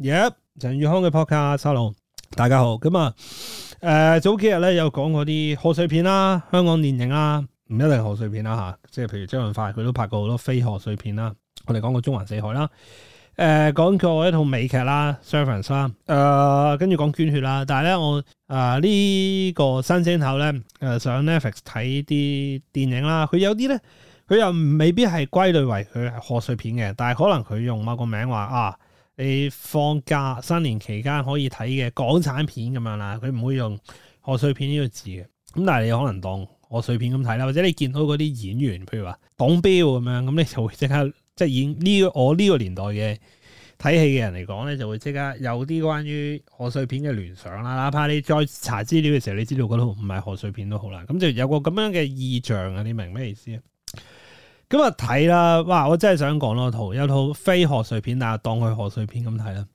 耶！陳宇、yeah, 康嘅 podcast hello，大家好。咁啊，誒，早幾日咧有講過啲賀歲片啦，香港電影啦，唔一定賀歲片啦吓，即係譬如周潤發佢都拍過好多非賀歲片啦。我哋講過《中環四海》啦，誒、嗯，講過一套美劇啦，Service, 呃《Sheriff 啦，誒，跟住講捐血啦。但係咧，我誒呢個新正頭咧，誒上 Netflix 睇啲電影啦，佢有啲咧，佢又未必係歸類為佢係賀歲片嘅，但係可能佢用某個名話啊。你放假新年期間可以睇嘅港產片咁樣啦，佢唔會用賀歲片呢個字嘅，咁但係你可能當賀歲片咁睇啦，或者你見到嗰啲演員，譬如話董標咁樣，咁你就會即刻，即係演呢個我呢個年代嘅睇戲嘅人嚟講咧，就會即刻有啲關於賀歲片嘅聯想啦。哪怕你再查資料嘅時候，你知道嗰度唔係賀歲片都好啦，咁就有個咁樣嘅意象啊！你明咩意思？咁啊睇啦，哇！我真係想講多，套有套非賀歲片，但係當佢賀歲片咁睇啦。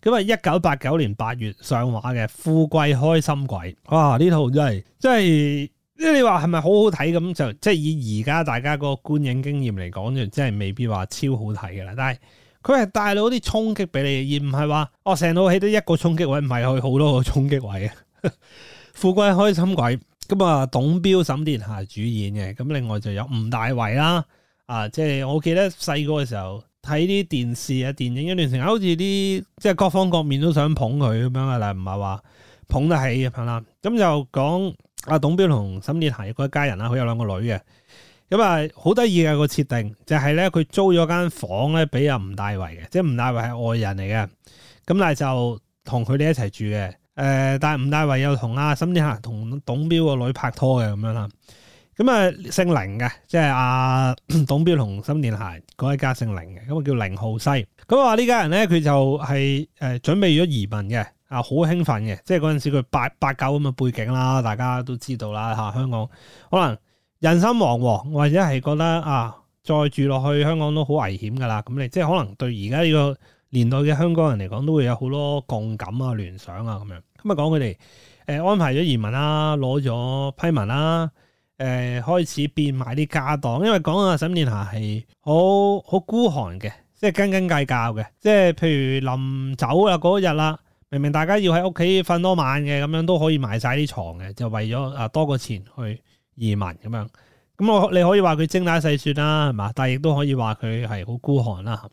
咁啊，一九八九年八月上畫嘅《富貴開心鬼》，哇！呢套真係，即係即係你話係咪好好睇咁就？即係以而家大家個觀影經驗嚟講，就真係未必話超好睇噶啦。但係佢係帶到啲衝擊俾你，而唔係話哦成套戲都一個衝擊位，唔係佢好多個衝擊位 富貴開心鬼》。咁啊，董彪、沈殿霞主演嘅，咁另外就有吳大維啦，啊，即係我記得細個嘅時候睇啲電視啊、電影一段時間，好似啲即係各方各面都想捧佢咁樣啊，但唔係話捧得起咁啦。咁就講阿董彪同沈殿霞嗰一家人啦，佢有兩個女嘅，咁啊好得意嘅個設定就係咧，佢租咗間房咧俾阿吳大維嘅，即係吳大維係外人嚟嘅，咁但係就同佢哋一齊住嘅。誒、呃，但係吳大維又同阿沈殿霞、同董彪個女拍拖嘅咁樣啦。咁啊，姓凌嘅，即係阿董彪同沈殿霞嗰一家姓凌嘅，咁啊叫凌浩西。咁話呢家人咧，佢就係、是、誒、呃、準備咗移民嘅，啊好興奮嘅，即係嗰陣時佢八八九咁嘅背景啦，大家都知道啦、啊、香港可能人心惶惶，或者係覺得啊，再住落去香港都好危險噶啦。咁你即係可能對而家呢個年代嘅香港人嚟講，都會有好多共感啊、聯想啊咁樣。咁啊，講佢哋誒安排咗移民啦，攞咗批文啦、啊，誒、呃、開始變賣啲家當。因為講阿沈殿霞係好好孤寒嘅，即係斤斤計較嘅。即係譬如臨走啊嗰日啦，明明大家要喺屋企瞓多晚嘅，咁樣都可以賣晒啲床嘅，就為咗啊多個錢去移民咁樣。咁我你可以話佢精打細算啦、啊，係嘛？但係亦都可以話佢係好孤寒啦、啊。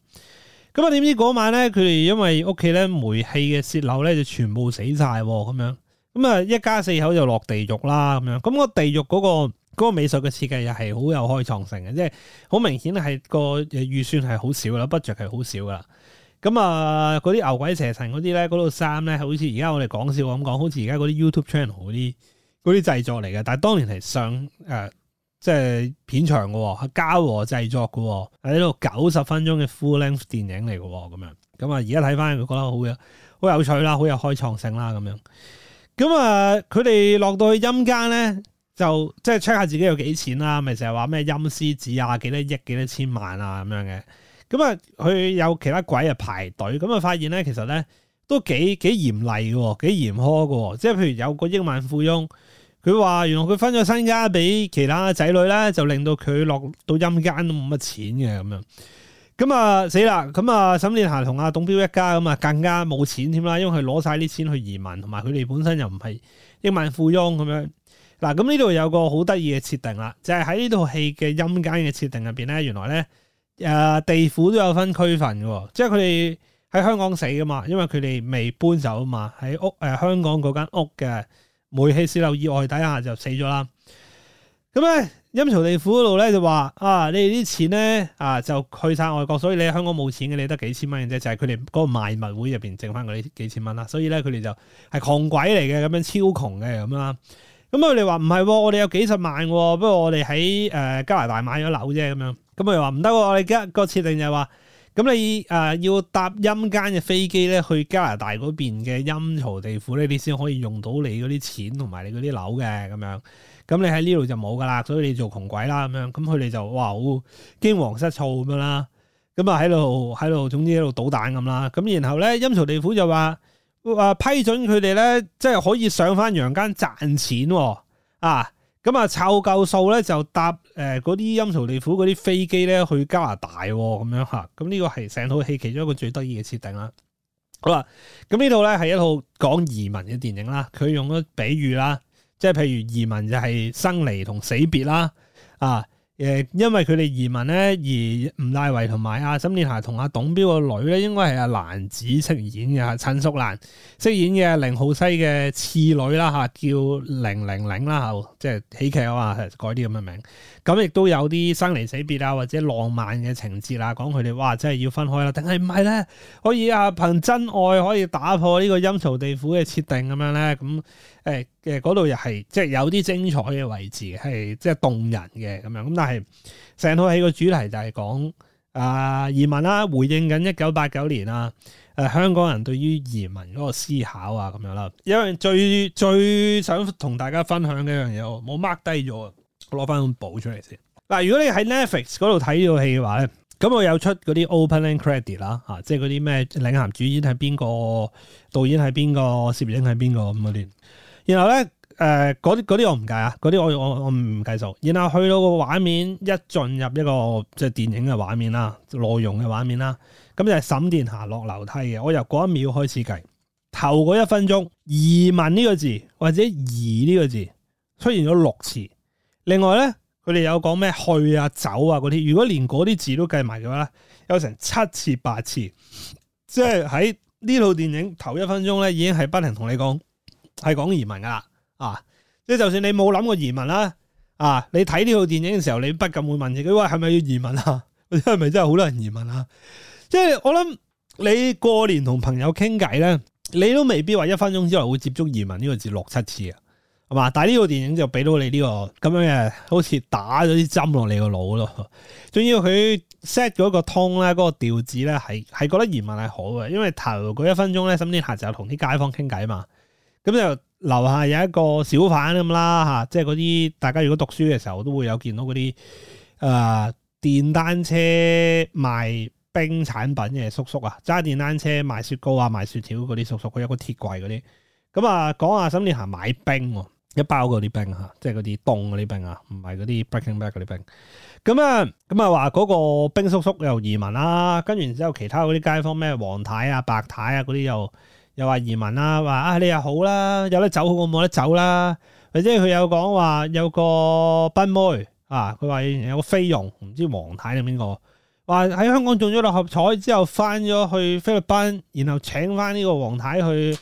咁啊！點知嗰晚咧，佢哋因為屋企咧煤氣嘅泄漏咧，就全部死晒喎咁樣。咁啊，一家四口就落地獄啦咁樣。咁個地獄嗰個嗰個美術嘅設計又係好有開創性嘅，即係好明顯係個預算係好少啦，budget 係好少噶啦。咁啊，嗰啲牛鬼蛇神嗰啲咧，嗰套衫咧，好似而家我哋講笑咁講，好似而家嗰啲 YouTube channel 好啲嗰啲製作嚟嘅。但係當年係上誒。呃即係片長嘅、哦，嘉禾製作嘅、哦，喺呢度九十分鐘嘅 full length 電影嚟嘅、哦，咁樣咁啊！而家睇翻，佢覺得好有好有趣啦，好有開創性啦，咁樣。咁啊，佢哋落到去陰間咧，就即係 check 下自己有幾錢啦、啊，咪成日話咩陰司紙啊幾多億、幾多千萬啊咁樣嘅。咁啊，佢有其他鬼啊排隊，咁啊發現咧，其實咧都幾幾嚴厲嘅，幾嚴、哦、苛嘅、哦。即係譬如有一個億萬富翁。佢話：他說原來佢分咗身家俾其他仔女咧，就令到佢落到陰間都冇乜錢嘅咁樣。咁啊死啦！咁啊，沈殿霞同阿董彪一家咁啊更加冇錢添啦，因為佢攞晒啲錢去移民，同埋佢哋本身又唔係億萬富翁咁樣。嗱，咁呢度有一個好得意嘅設定啦，就係喺呢套戲嘅陰間嘅設定入邊咧，原來咧，誒、啊、地府都有分區分嘅，即係佢哋喺香港死嘅嘛，因為佢哋未搬走啊嘛，喺屋誒、呃、香港嗰間屋嘅。煤氣洩漏意外底下就死咗啦。咁咧陰曹地府嗰度咧就話啊，你哋啲錢咧啊就去晒外國，所以你喺香港冇錢嘅，你得幾千蚊嘅啫，就係佢哋嗰個賣物會入邊剩翻嗰啲幾千蚊啦。所以咧佢哋就係窮鬼嚟嘅，咁樣超窮嘅咁啦。咁佢哋話唔係，我哋有幾十萬，啊，不過我哋喺誒、加拿大買咗樓啫。咁樣。咁佢又話唔得，我哋家個設定就係話。咁你、呃、要搭陰間嘅飛機咧去加拿大嗰邊嘅陰曹地府咧，你先可以用到你嗰啲錢同埋你嗰啲樓嘅，咁樣咁你喺呢度就冇噶啦，所以你做窮鬼啦咁樣，咁佢哋就哇好驚惶失措咁樣啦。咁啊喺度喺度，總之喺度搗蛋咁啦。咁然後咧陰曹地府就話話批准佢哋咧，即係可以上翻陽間賺錢，哦、啊！咁啊，湊夠、嗯、數咧就搭嗰啲陰曹地府嗰啲飛機咧去加拿大咁樣吓，咁呢個係成套戲其中一個最得意嘅設定啦。好啦，咁呢套咧係一套講移民嘅電影啦，佢用咗比喻啦，即係譬如移民就係生離同死別啦，啊、嗯。誒，因為佢哋移民咧，而吳大維同埋阿沈殿霞同阿董驃個女咧，應該係阿蘭子飾演嘅，陳淑蘭飾演嘅凌浩西嘅次女啦，吓，叫零零零啦，吓，即係喜劇啊嘛，改啲咁嘅名，咁亦都有啲生離死別啊，或者浪漫嘅情節啦，講佢哋哇，真係要分開啦，定係唔係咧？可以啊，憑真愛可以打破呢個陰曹地府嘅設定咁樣咧？咁誒。嘅嗰度又係即係有啲精彩嘅位置，係即係動人嘅咁樣。咁但係成套戲嘅主題就係講啊移民啦，啊，回應緊一九八九年啊，誒、呃、香港人對於移民嗰個思考啊咁樣啦。因為最最想同大家分享嘅一樣嘢，我冇 mark 低咗，我攞翻本簿出嚟先。嗱，如果你喺 Netflix 嗰度睇呢套戲嘅話咧，咁我有出嗰啲 opening credit 啦，吓，即係嗰啲咩領銜主演係邊個，導演係邊個，攝影係邊個咁嗰啲。然後咧，誒、呃，嗰啲啲我唔計啊，嗰啲我不那些我我唔計數。然後去到個畫面一進入一個即係電影嘅畫面啦，內容嘅畫面啦，咁就係沈殿霞落樓梯嘅。我由嗰一秒開始計，頭嗰一分鐘，移民呢個字或者移呢個字出現咗六次。另外咧，佢哋有講咩去啊、走啊嗰啲。如果連嗰啲字都計埋嘅話咧，有成七次八次，即係喺呢套電影頭一分鐘咧，已經係不停同你講。係講移民噶啦，啊，即係就算你冇諗過移民啦，啊，你睇呢套電影嘅時候，你不禁會問自己，喂，係咪要移民啊？係咪真係好多人移民啊？即係我諗，你過年同朋友傾偈咧，你都未必話一分鐘之內會接觸移民呢個字六七次啊，係嘛？但係呢套電影就俾到你呢個咁樣嘅，好似打咗啲針落你個腦咯。仲要佢 set 嗰個 tone 咧，嗰個調子咧，係係覺得移民係好嘅，因為頭嗰一分鐘咧，沈殿霞就同啲街坊傾偈嘛。咁就樓下有一個小販咁啦，吓，即係嗰啲大家如果讀書嘅時候都會有見到嗰啲誒電單車賣冰產品嘅叔叔啊，揸電單車賣雪糕啊、賣雪條嗰啲叔叔，佢有個鐵櫃嗰啲。咁、嗯、啊，講下沈殿霞買冰，一包嗰啲冰啊，即係嗰啲凍嗰啲冰啊，唔係嗰啲 breaking back 嗰啲冰。咁、嗯、啊，咁啊話嗰個冰叔叔又移民啦、啊，跟然之後其他嗰啲街坊咩黃太啊、白太啊嗰啲又。又話移民啦，話啊你又好啦，有得走好過冇得走啦。或者佢有講話有個賓妹啊，佢話有個菲傭，唔知黃太定邊個？話喺香港中咗六合彩之後，翻咗去菲律賓，然後請翻呢個黃太去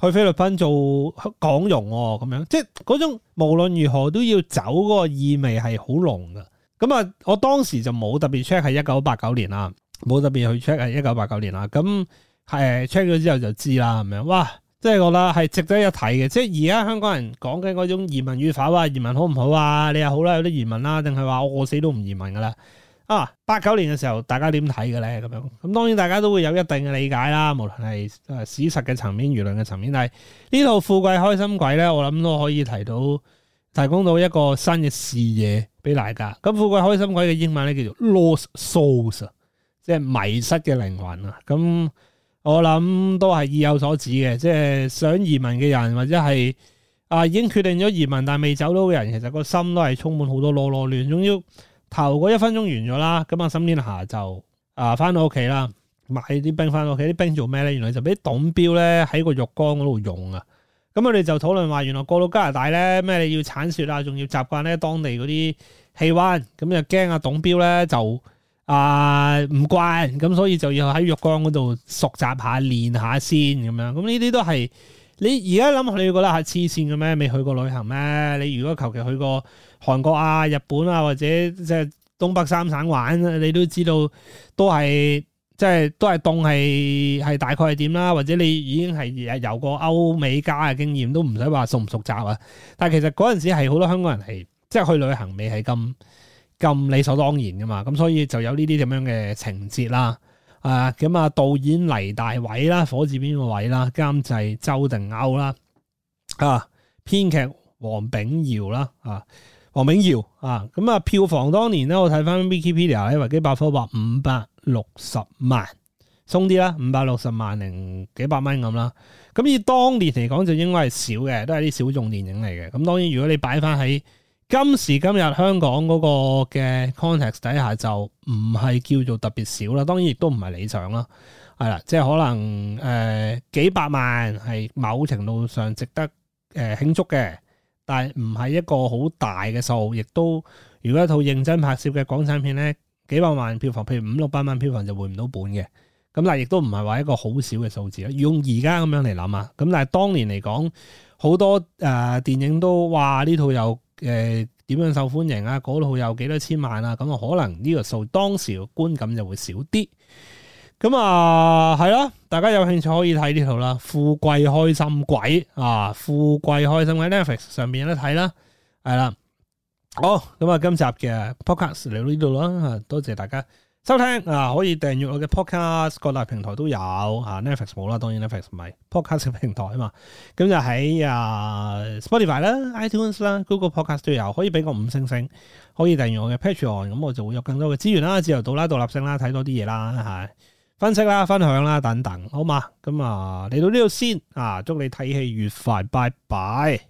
去菲律賓做港傭喎，咁樣即係嗰種無論如何都要走嗰個意味係好濃㗎。咁啊，我當時就冇特別 check 係一九八九年啦，冇特別去 check 係一九八九年啦，咁。誒 check 咗之後就知啦，咁樣，哇，即係我覺得係值得一睇嘅。即係而家香港人講緊嗰種移民與否，話移民好唔好啊？你又好啦，有啲移民啦，定係話我死都唔移民噶啦。啊，八九年嘅時候，大家點睇嘅咧？咁樣，咁當然大家都會有一定嘅理解啦。無論係事實嘅層面、輿論嘅層面，但係呢套《富貴開心鬼》咧，我諗都可以提到、提供到一個新嘅視野俾大家。咁《富貴開心鬼》嘅英文咧叫做 Lost Souls，即係迷失嘅靈魂啊。咁我諗都係意有所指嘅，即係想移民嘅人，或者係啊已經決定咗移民但係未走到嘅人，其實個心都係充滿好多囉囉亂。總要頭嗰一分鐘完咗啦，咁啊，心天下就啊翻到屋企啦，買啲冰翻到屋企，啲冰做咩咧？原來就俾董鏢咧喺個浴缸嗰度溶啊！咁我哋就討論話，原來過到加拿大咧，咩你要鏟雪啊，仲要習慣咧當地嗰啲氣溫，咁就驚啊董鏢咧就。啊唔慣，咁、呃、所以就要喺浴缸嗰度熟習下，練下先咁樣，咁呢啲都係你而家諗，你會覺得係黐線嘅咩？未去過旅行咩？你如果求其去過韓國啊、日本啊，或者即係東北三省玩，你都知道都係，即、就、係、是、都係凍係，係大概係點啦。或者你已經係遊過歐美加嘅經驗，都唔使話熟唔熟習啊。但係其實嗰陣時係好多香港人係即係去旅行未係咁。咁理所當然㗎嘛，咁所以就有呢啲咁樣嘅情節啦。啊，咁啊，導演黎大偉啦，火字邊個位啦，監製周定歐啦，啊，編劇黃炳耀啦，啊，黃炳耀啊，咁啊，票房當年咧，我睇翻 Wikipedia 啊，維基百科話五百六十萬，鬆啲啦，五百六十萬零幾百蚊咁啦。咁以當年嚟講，就應該係少嘅，都係啲小眾電影嚟嘅。咁當然，如果你擺翻喺今時今日香港嗰個嘅 context 底下就唔係叫做特別少啦，當然亦都唔係理想啦，係啦，即係可能誒、呃、幾百萬係某程度上值得誒、呃、慶祝嘅，但係唔係一個好大嘅數，亦都如果一套認真拍攝嘅港產片咧，幾百萬票房，譬如五六百萬票房就回唔到本嘅，咁但係亦都唔係話一個好少嘅數字啦。用而家咁樣嚟諗啊，咁但係當年嚟講，好多誒、呃、電影都話呢套有。誒、點、呃、樣受歡迎啊？嗰度有幾多千萬啊？咁啊，可能呢個數當時觀感就會少啲。咁啊，係、呃、啦，大家有興趣可以睇呢套啦，《富貴開心鬼》啊，《富貴開心鬼》Netflix 上面有得睇啦，係啦。好，咁、嗯、啊，今集嘅 podcast 嚟到呢度啦，多謝大家，收聽啊，可以訂閱我嘅 podcast，各大平台都有啊。Netflix 冇啦，當然 Netflix 唔係 podcast 平台啊嘛。咁就喺啊 Spotify 啦、iTunes 啦、Google Podcast 都有，可以俾個五星星，可以訂閱我嘅 Patreon，咁我就會有更多嘅資源啦、自由度啦、獨立性啦，睇多啲嘢啦，分析啦、分享啦等等，好嘛？咁啊嚟到呢度先啊，祝你睇戲愉快，拜拜。